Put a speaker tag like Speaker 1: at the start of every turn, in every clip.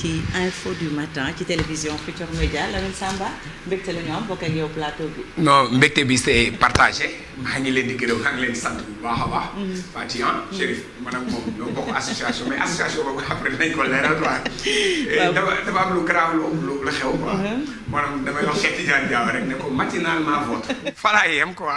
Speaker 1: ci info du matin ci télévision Futur Média Lamine Samba mbégte la am bokk ak yow plateau bi.
Speaker 2: non mbégte bi se partagé. maa ngi leen di gërëm maa ngi leen di sant bu baax a baax. Mm-hmm. Fatia Chérif maanaam moom ñoo bokk association mais association boobu après dinañ ko leeral quoi. dafa dafa am lu grave lu am lu xew quoi. maanaam mm-hmm. damay wax Cheikh Tidiane Diaw rek ne ko matinalement vote. fa laa yem quoi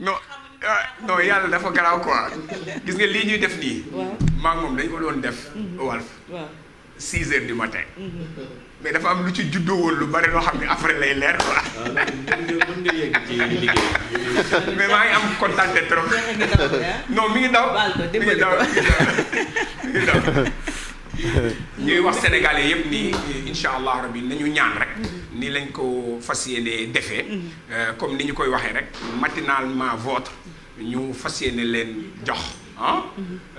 Speaker 2: non. Euh, non yàlla dafa garaaw quoi gis nga lii ñuy def nii. waaw maa moom dañ ko doon def. Mm-hmm. Walf. six heures du matin. mais dafa am lu ci juddoo woon lu bari loo xam ne après lay leer quoi. mais maa ngi am kontaan trop. non mi ngi daw. mi ngi daw mi ngi daw. ñuy wax sénégalais yëpp nii incha allah rabi nañu ñaan rek. ni lañ ko fas yéene defe mm-hmm. euh, comme ni ñu koy waxee rek. matinalement vôtre ñu fas yéene leen jox. ah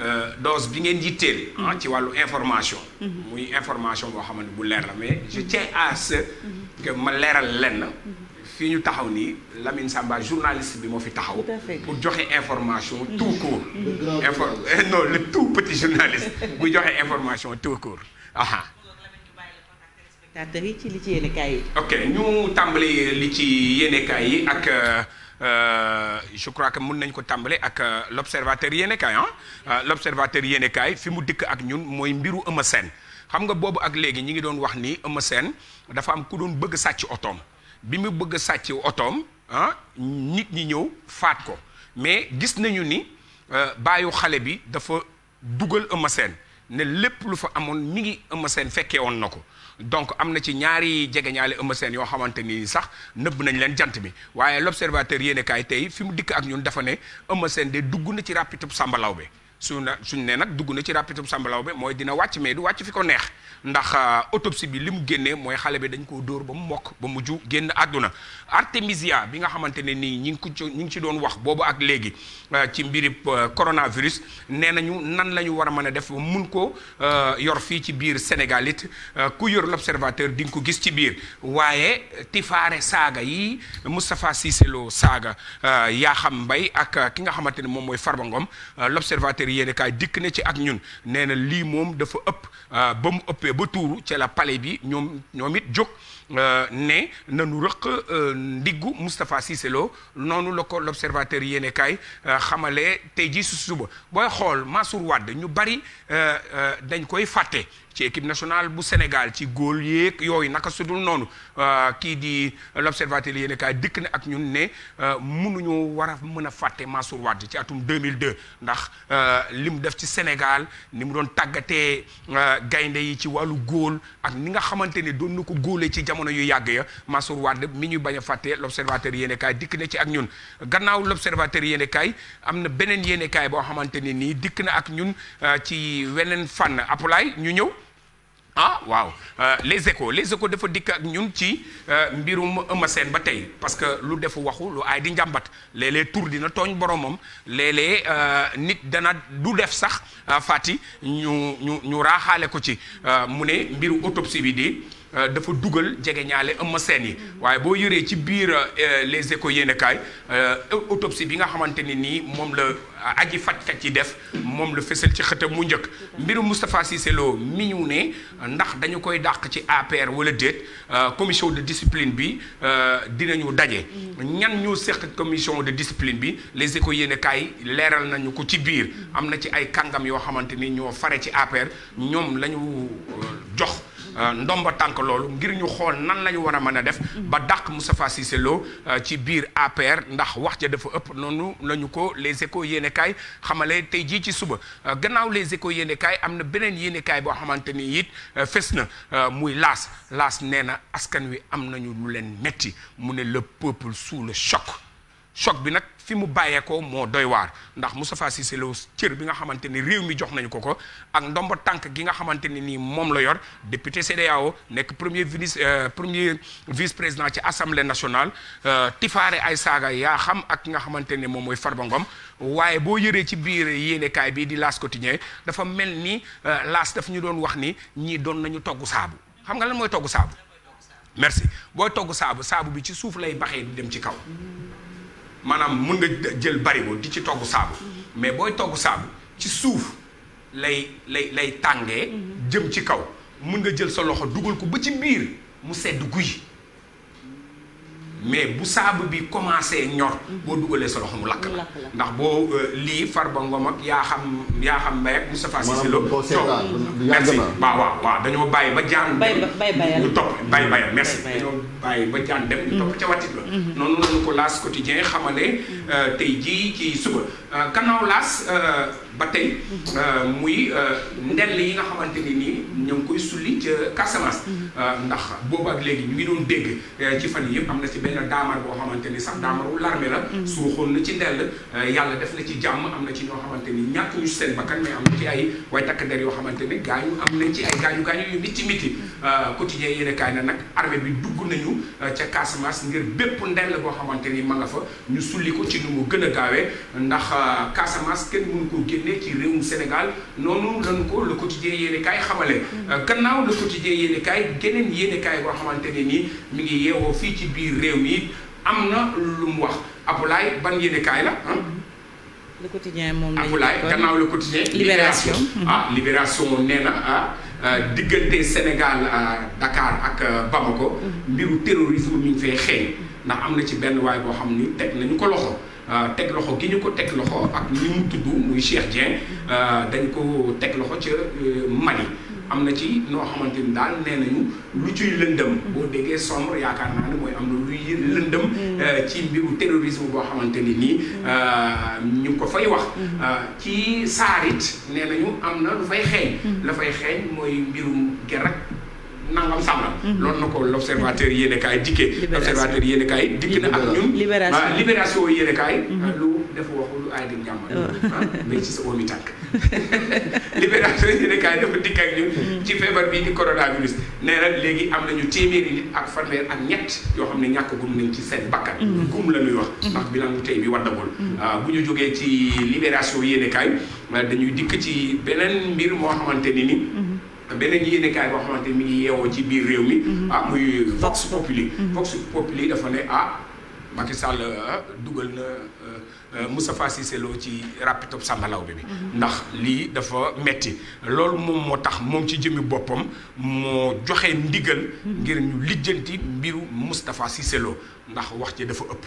Speaker 2: euh, dose bi ngeen yitteel ah ci wàllu information muy information boo xamante bu leer la mais je tiens à ce que ma leeral lenn fii ñu taxaw nii Lamine Samba journaliste bi moo fi taxaw pour joxe information mm-hmm. tout court mm-hmm. infor non le tout petit journaliste bu joxe information tout court aha
Speaker 1: ci li ci yéenekaay
Speaker 2: ok ñu tàmbali li ci yéenekaay yi ak euh, Euh, je crois que mun nañ ko tàmbale ak euh, l' observateur yéenekaay ah euh, l' observateur yéenekaay fi mu dikk ak ñun mooy mbiru Eumeu Sène xam nga boobu ak léegi ñi ngi doon wax ni Eumeu Sène dafa am ku doon bëgg sàcc otoom bi mu bëgg sàcc otoom ah nit ñi ñëw faat ko mais gis nañu ni baayu xale bi dafa dugal Eumeu Sène ne lépp lu fa amoon mi ngi Eumeu Sène fekkee woon na ko donc am na ci ñaari jegeñaale Eumeu Sène yoo xamante ni sax nëbb nañ leen jant bi waaye l'observateur yéene kaay tey fi mu dikk ak ñun dafa ne Eumeu de dugg na ci rapitub Samba Laobé su na suñ ne nag dugg na ci rapitum sambalaw bi mooy dina wàcc mais du wàcc fi ko neex ndax euh, autopsie bi li mu génnee mooy xale bi dañ koo dóor ba mu mokk ba mujj génn àdduna artémisia bi nga xamante ne nii ñi ngi ko ñi ngi ci doon wax boobu ak léegi euh, ci mbiri euh, coronavirus nee nañu nan la ñu war a mën a def mun ko yor fii ci biir Sénégal it ku yor l'observateur di nga ko gis ci biir waaye tifaare saaga yi Moustapha Cissé Lo saaga yaa xam mbay ak ki nga xamante ne moom mooy Farba l'observateur yéen kaay dikk na ci ak ñun nee na lii moom dafa ëpp ah, ba mu ëppee ba tuuru ci la palais bi ñoom ñoom it jóg Euh, ne nanu rëq euh, ndiggu mustapha siselo noonu la ko l'observateur yéene euh, xamale tey jii su suba booy xool Mansour Wade ñu bari dañ koy fàtte ci équipe nationale bu Sénégal ci góol yeeg yooyu naka sudul noonu kii di l'observateur yéene kaay dikk na ak ñun ne mënuñu war a mën a fàtte Mansour Wade ci atum 2002 ndax li mu def ci Sénégal ni mu doon tàggatee gaynde yi ci wàllu góol ak ni nga xamante ni doon na ko góole ci jamono yu yàgg ya Mansour Wade mi ñu bañ a fàtte l'observateur yéene kaay dikk na ci ak ñun gannaaw l'observateur yéene kaay am na beneen yéene kaay boo xamante ne nii dikk na ak ñun euh, ci weneen fànn apulaay ñu ñëw ah waaw euh, les échos les échos dafa dikk ak ñun ci euh, mbirum Eumeu Sène ba tey parce que lu defu waxu lu aay di njàmbat léeg-léeg tur dina tooñ boromam léeg-léeg nit dana du def sax fàtti ñu ñu ñu raaxaale ko ci mu ne mbiru autopsie bi Euh, dafa dugal jege ñaale ëmma seen yi waaye boo yoree ci biir euh, les éco yéenekaay euh, autopsie bi nga xamante ni nii moom la aji fajkat yi def moom la fësal ci xëtam mu njëkk mbiru Moustapha Cissé Lo mi ñu ne ndax dañu koy dàq ci APR wala déet commission de discipline bi dinañu daje ñan ñoo seq commission de discipline bi les échos yéenekaay leeral nañu ko ci biir am na ci ay kàngam yoo xamante ni ñoo fare ci APR ñoom lañu jox Euh, ndomba tànk loolu ngir ñu xool nan la ñu war a mën a def ba dàq Moustapha Cissé Lo euh, ci biir APR ndax wax ja dafa ëpp noonu la ñu ko les échos yéene kaay xamale tey jii ci suba euh, gannaaw les échos yéene am na beneen yéene boo xamante ni it fes na muy laas laas nee na askan wi am nañu lu leen metti mu ne le peuple sous le choc choc bi nag fi mu bàyyee ko moo doy waar ndax Moustapha Cissé Lo cër bi nga xamante ni réew mi jox nañu ko ko ak ndomba tànk gi nga xamante ni nii moom la yor député CEDEAO nekk premier ministre euh, premier vice président ci assemblée nationale euh, tifaare ay saaga yaa xam ak nga xamante ni moom mooy Farba waaye boo yëree ci biir yéenekaay bi di L'As Quotidien dafa mel ni euh, L'As daf ñu doon wax ni ñii doon nañu togg saabu xam nga lan mooy togg saabu merci booy togg saabu saabu bi ci suuf lay baxee dem ci kaw maanaam mun nga jël barigo di ci togg saabu mais booy togg saabu ci suuf lay lay lay tàngee mhm. jëm ci kaw mun nga jël sa loxo dugal ko ba ci mbiir mu sedd guy mais bu saabu bi commencé ñor boo dugalee sa loxo mu lakk la ndax boo euh, lii far Farba Ngom ak yaa xam yaa xam mbay ak Moustapha Cissé Lo merci waaw waaw waaw dañoo bàyyi ba jaan dem ñu topp bay bayal merci dañoo bàyyi ba jaan dem ñu topp mm-hmm. ca watit la mm-hmm. noonu lañu ko laas quotidien xamale mm-hmm. euh, tey jii ci suba euh, gannaaw ba tey muy ndell yi nga xamante koy sulli ca Casamance ndax boobu ak léegi am na ci benn na daamar boo xamante ni sax daamaru larme la mm-hmm. suuxoon na ci ndell euh, yàlla def na ci jàmm am na ci ñoo xamante ni ñàkk ñu seen bakkan mais am na ci ay way takk der yoo xamante ni gaañu am nañ ci ay gaañu gaañu yu miti miti mm-hmm. euh, quotidien yéen kaay na nag armée bi dugg nañu euh, ca Casamance ngir ndell boo xamante ni ma nga fa ñu sulli ko ci nu mu gën a gaawee ndax Casamance kenn mënu ko génnee ci réewum Sénégal noonu lañu ko le quotidien yéen kaay xamale mm-hmm. gannaaw le quotidien yéen kaay geneen yéen boo xamante ne nii ngi yeewoo fii ci biir réew mi it am na lu mu wax Aboulaye ban yéenekaay la ah.
Speaker 1: le moom la Aboulaye gannaaw
Speaker 2: le quotidien. libération libération ah, nee na ah, euh, diggante Sénégal euh, dakaar ak euh, Bamako. Mhm. mbiru terrorisme mi ngi xeeñ. ndax am na ci benn waay koo xam ni teg nañu ko loxo. teg loxo gi ñu ko teg loxo ak ni mu tudd muy Cheikh Dieng. Mhm. dañ ko teg loxo ca Mali. am na ci noo xamante ni daal nee nañu lu ciy lëndëm. boo déggee sombre yaakaar naa ne mooy am na luy lëndëm. Mm. Euh, ci mbiru terrorisme boo xamante ni nii mm. euh, ñu ko fay wax. Mm. Euh, ci saarit nee nañu am na lu fay xeeñ. la fay xeeñ mooy mbirum ger nangam sàngam. loolu na ko l' observateur yéenekaay dikkee. l' observateur yéenekaay dikk na ak ñun. libération ah, libération dafa wax lu aay dem ñàmmal ah. ah, mais ci sa oom yi tànk libération Sénégal dafa dikk ak ñun ci feebar bii di coronavirus nee léegi am nañu téeméeri nit ak fanweer ak ñett yoo xam ne ñàkk gum nañ ci seen bakkan mm. gum la ñuy wax ndax bilan bu tey bi waddagul mm. ah, bu ñu jógee ci libération yéenekaay dañuy dikk ci beneen mbir moo xamante ni ni
Speaker 3: mm-hmm.
Speaker 2: beneen yéenekaay boo xamante mi ngi yeewoo ci biir réew mi mm-hmm. ah muy Vox Populi mm-hmm. Vox Populi dafa ne ah Macky Sall dugal na Euh, Moustapha Cissé Lo ci rap top Samba Laobé bi ndax lii dafa metti loolu moom moo tax moom ci jëmi boppam moo joxe ndigal ngir ñu lijjanti mbiru Moustapha Cissé Lo ndax wax ci dafa ëpp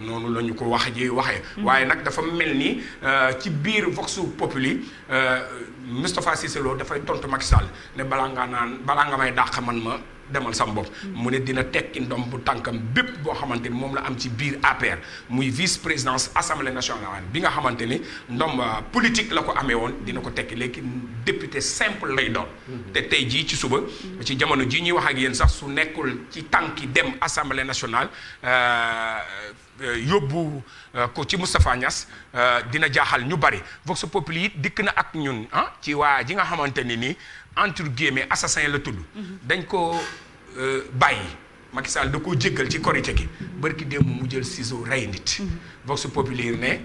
Speaker 2: noonu la ñu ko wax ji waxee waaye nag dafa mel ni euh, ci biir vox populi euh, Moustapha Cissé Lo dafay tontu Macky Sall ne balaa nga naan balaa nga may dàq man ma demal sam bopp mu ne dina tekki ndom bu tànkam bépp boo xamante ni moom la am ci biir APR muy vice présidence assemblée nationale bi nga xamante ne ndom euh, politique la ko amee woon dina ko tekki léegi député simple lay doon mhm. te tey jii ci suba ci jamono jii ñuy wax ak yéen sax su nekkul ci tànki dem assemblée nationale euh, Euh, yóbbu euh, ko ci Moustapha Niass euh, dina jaaxal ñu bari Vox Populi it dikk na ak ñun ah ci waa ji nga xamante ni entre guillemets assassin la tudd. Mhm. dañ ko bàyyi. Macky Sall da koo jéggal ci korite gi. bërki démb mu jël ciseau rey nit. Mhm. Vox Populi ne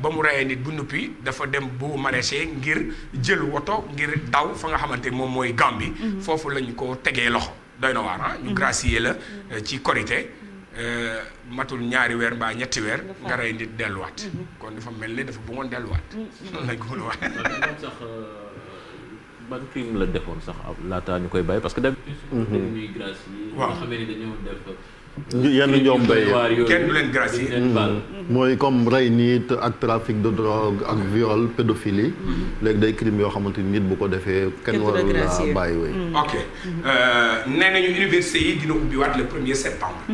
Speaker 2: ba mu reyee nit bu nuppi dafa dem bu maraîcher ngir jël woto ngir daw fa nga xamante moom mooy Gambie. Mhm. foofu lañ ko tegee loxo doy na waar ah. ñu gracier la ci korite. Euh, matul ñaari weer mbaa ñetti weer nga rey nit delluwaat kon dafa mel ni dafa moon delluwaat
Speaker 3: mm-hmm. lañ ko mën a wax sax euh, ban la defoon sax laata
Speaker 1: ñu koy bàyyi parce que dañuy mm-hmm. gracier
Speaker 3: waaw xam ne euh, yenn ñoom bay kenn du leen gracier mm-hmm.
Speaker 1: mooy comme rey nit ak trafic de drogue ak viol pédophilie léegi day crime yoo xamante ni nit bu ko defee kenn warul la bàyyi wéy
Speaker 2: ok nee nañu université yi dina ubbiwaat le premier septembre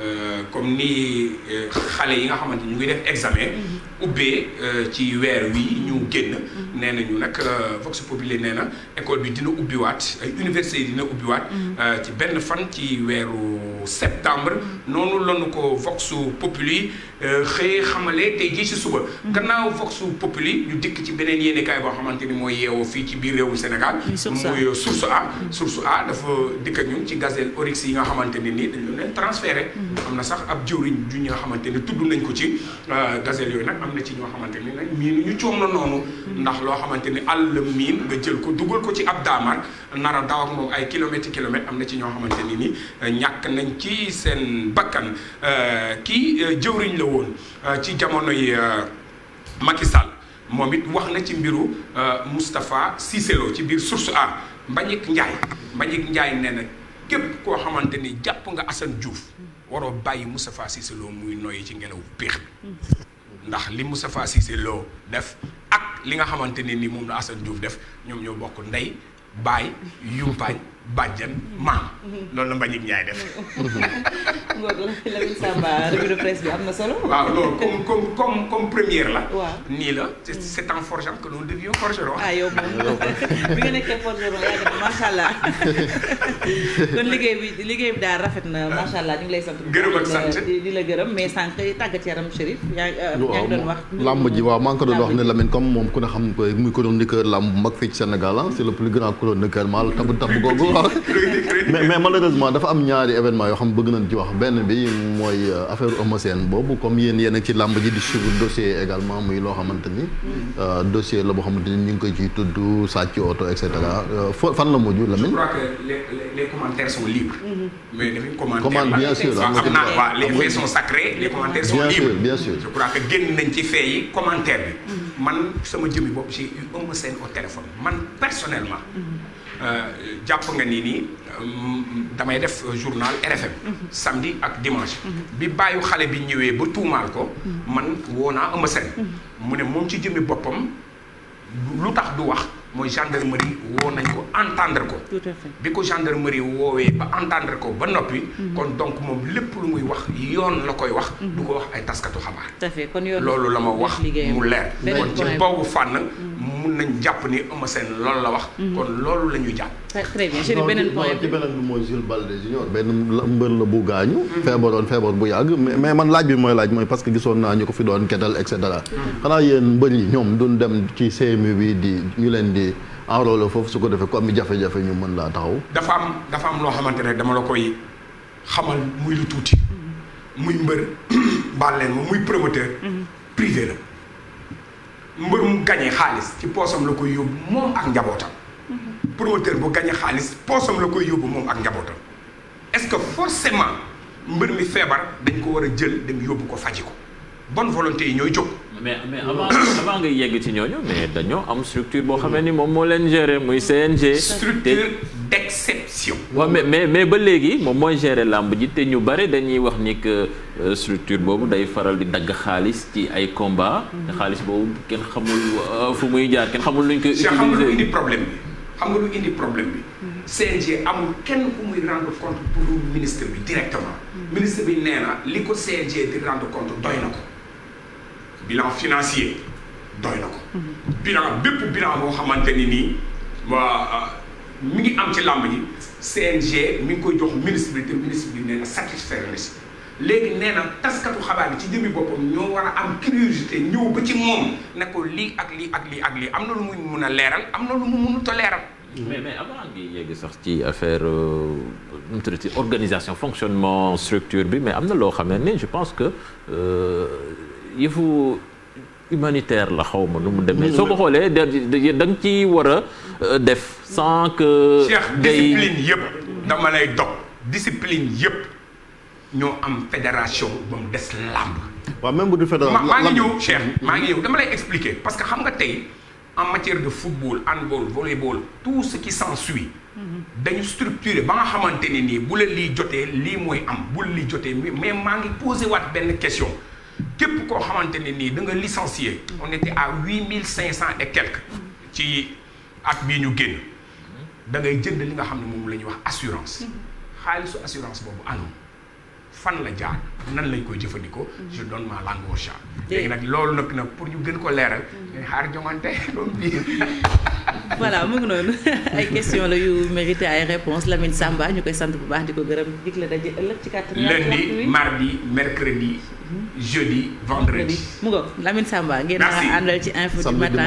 Speaker 2: Euh, comme ni euh, xale yi nga xamante ñu ngi def examen. Mhm. ubbee euh, ci weer wi ñu génn. Mhm. nee nañu nag Vox Populi nee na école bi dina ubbiwaat ay université yi dina ubbiwaat. Mhm. ci benn fan ci weeru septembre. noonu lanu ko vox populi euh, xëy xamale tey jii ci suba mm-hmm. gannaaw vox populi ñu dikk ci beneen yéenekaay boo xamante ni mooy yeewoo fii ci biir réewum Sénégal muy source A euh, mm-hmm. source A dafa dikk ak ñun ci gazelle oryx yi nga xamante ne nii dañu leen transféré mm-hmm. am na sax ab ju ñi nga xamante ne tudd nañ ko ci euh, gazelle yooyu nag am na ci ñoo xamante ni nag miin ñu coom la noonu ndax loo xamante ni àll miin nga jël ko dugal ko ci ab daamar nar a daw moom ay kilomètres kilomètres am na ci ñoo xamante ni nii ñàkk nañ ci seen bakkan euh, kii euh, jëwriñ la woon euh, ci jamonoy Macky Sall moom it wax na ci mbiru Moustapha Cissé Lo ci biir source a Mbagnick Ndiaye Mbagnick Ndiaye nee na képp koo xamante ni jàpp nga Assane Diouf waroo bàyyi Moustapha Cissé muy noyyi ci ngelaw péex bi ndax li Moustapha Cissé def ak li nga xamante ne ni moom la Assane Diouf def ñoom ñoo bokk ndey baay yumpaañ bàjjan maam. loolu la Mbagnick Ndiaye def. Ngodo Lamine Samba revue de presse bi am na solo. waaw loolu comme comme comme première la. waaw nii la c'est en forgeant que ah,
Speaker 1: kon liggéey bi liggéey bi daal rafet na ah. macha allah ñu ngi lay sant. gërëm ak sant euh, di la gërëm mais sànq tàggat yaram Chérif. yaa euh, ngi doon wax. làmb ji waaw maa ko doon wax ne Lamine comme moom ku ne xam muy chroniqueur làmb mag fii ci Sénégal ah c'est le plus grand chroniqueur maa la tabu tabu googu. mais mais malheureusement dafa am ñaari événement yoo xam bëgg nañ ci wax benn bi mooy euh, affaire Eumeu Sène boobu comme yéen yéen ak ci làmb ji di suivre dossier également muy loo xamante ni euh, dossier la boo xamante ni ñu ngi koy ciy tudd sàcc oto et cetera euh, fan la mujj la. je crois que
Speaker 2: les les commentaires sont mm-hmm. mais bien sûr am na waaw les faits sont sacrés les commentaires sont libres
Speaker 1: bien sûr je crois
Speaker 2: que génn nañ ci faits yi commentaire bi. Mm-hmm. man sama jëmmi bopp j'ai eu Eumeu Sène au téléphone man personnellement. Mm-hmm. Euh, jàpp nga nii nii euh, damay def journal RFM samedi ak dimanche bi bàyyi xale bi ñëwee ba tuumaal ko man woo naa Eumeu Sène mhm. mu ne moom ci jëmmi boppam lu tax du wax mooy gendarmerie woo nañ ko entendre ko. bi ko gendarmerie woowee ba entendre ko ba noppi. Mm-hmm. kon donc moom lépp lu muy wax yoon la koy wax. Mm-hmm. du ko wax ay taskatu xabaar.
Speaker 1: loolu la ma wax
Speaker 2: mu leer. kon ci boobu fànn. Mm-hmm. mun nañ jàpp ni Eumeu Sène loolu la wax. kon loolu la ñuy jàpp.
Speaker 1: très bien ci beneen point bi mooy Jules Baldé Junior benn mbër la bu gaañu. feebaroon feebar bu yàgg mais man laaj bi mooy laaj mooy parce que gisoon naa ñu ko fi doon ketal et xanaa yéen mbër yi ñoom duñ dem ci CMU bi di ñu leen di. ci enrôler foofu su ko defee ku am jafe-jafe ñu mën laa taxaw.
Speaker 2: dafa am dafa am loo xamante ne dama la koy xamal muy lu tuuti muy mbër baal leen ma muy promoteur. privé la. mbër mu gañee xaalis ci poosam la koy yóbbu moom ak njabootam. bu gañee xaalis poosam la koy yóbbu moom ak njabootam est-ce que forcément mbër mi feebar dañ ko war a jël dem yóbbu ko faji ko bonne volonté yi ñooy jóg. mais mais
Speaker 3: avant avant nga yegg ci ñooñu mais dañoo am structure boo xamee ni moom moo leen gérer muy CNG. structure
Speaker 2: d'exception.
Speaker 3: waaw mais mais mais ba léegi moom mooy gérer làmb ji te ñu bare dañuy wax ni que euh, structure boobu day faral di dagg xaalis ci ay combat te mm-hmm. xaalis boobu kenn xamul euh, fu muy jaar kenn xamul nuñ koy. utiliser xam nga lu indi problème bi xam nga lu indi problème bi. Mm-hmm.
Speaker 2: CNG amul kenn ku muy rendre compte pour ministre bi directement. Mm-hmm. ministre bi nee na li ko CNG di rendre compte doy na ko. bilan financier doy na ko. bilan bépp bilan xamante ni nii waa mi ngi am ci mi ngi koy jox ministre bi te ministre bi nee na satisfaire na si léegi nee na taskatu xabaar bi ci jëmmi boppam ñoo war a am curiosité ñëw ba ci moom ne ko lii ak lii ak lii ak lii am na lu muy mun a leeral am na lu
Speaker 3: mu munut a leeral. mais mais avant ngi yegg sax ci affaire euh, nu mu tuddati organisation fonctionnement structure bi mais am na loo xam ne je pense que. Euh, yëfu humanitaire la xaw ma nu mu demee. soo ko xoolee da nga ci war a euh, def sans que.
Speaker 2: discipline yëpp
Speaker 3: dama lay dog
Speaker 2: discipline yëpp ñoo am fédération ba mu des làmb.
Speaker 1: waaw même bu dul fédération maa ngi ñëw
Speaker 2: Cheikh maa ngi ñëw dama lay expliquer parce que xam nga tey en matière de football handball volleyball tout ce qui s'ensuit mhm. dañu structuré ba nga xamante ne nii bu la lii jotee lii mooy am bu lii jotee mais maa ngi posé waat benn question. képp koo xamante ne nii da nga licencié. on mille cinq cent et quelques. ci at bii ñu génn. da ngay jënd li nga xam ne moom la ñuy wax assurance. xaalisu assurance boobu anam fan la jaar nan lañ koy jëfandikoo. Mm-hmm. je donne ma langue au chat. nag loolu nag nag pour ñu gën ko leeral. dañ mm-hmm.
Speaker 1: xaar jongante loolu bii. voilà mu ngi noonu ay question la yu mérité ay réponses Lamine Samba ñu koy sant bu baax di ko gërëm dig la daje ëllëg ci kàttan. lundi mardi
Speaker 3: mercredi. Mm-hmm. jeudi vendredi.
Speaker 1: mu ngoog Lamine Samba ngeen. merci àndal ci info du matin